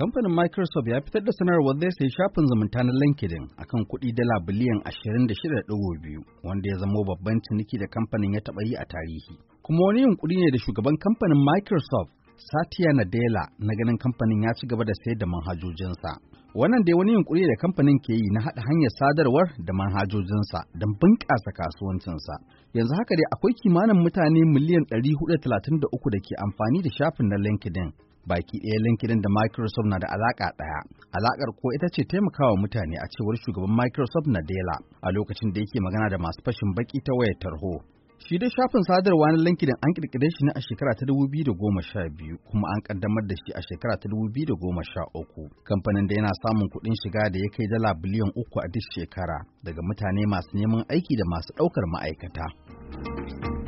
Kamfanin Microsoft ya fitar da sanarwar zai sayi shafin zumunta na LinkedIn akan kuɗi dala biliyan 26.2 wanda ya zamo babban ciniki da kamfanin ya taɓa yi a tarihi. Kuma wani yunƙuri ne da shugaban kamfanin Microsoft Satya Nadella na ganin kamfanin ya ci gaba da sayar da manhajojinsa. Wannan dai wani yunkuri da kamfanin ke yi na haɗa hanyar sadarwar da manhajojinsa don bunƙasa kasuwancinsa. Yanzu haka dai akwai kimanin mutane miliyan 433 da ke amfani da shafin na LinkedIn baki ɗaya LinkedIn da Microsoft na da alaƙa ɗaya. Alaƙar ko ita ce taimakawa mutane a cewar shugaban Microsoft na Dela, a lokacin da yake magana da masu fashin baki ta wayar tarho. Shi dai shafin sadarwa na LinkedIn an ƙirƙire shi ne a shekara ta 2012 kuma an ƙaddamar da shi a shekara ta 2013. Kamfanin da yana samun kuɗin shiga da ya kai dala biliyan uku a duk shekara daga mutane masu neman aiki da masu ɗaukar ma'aikata.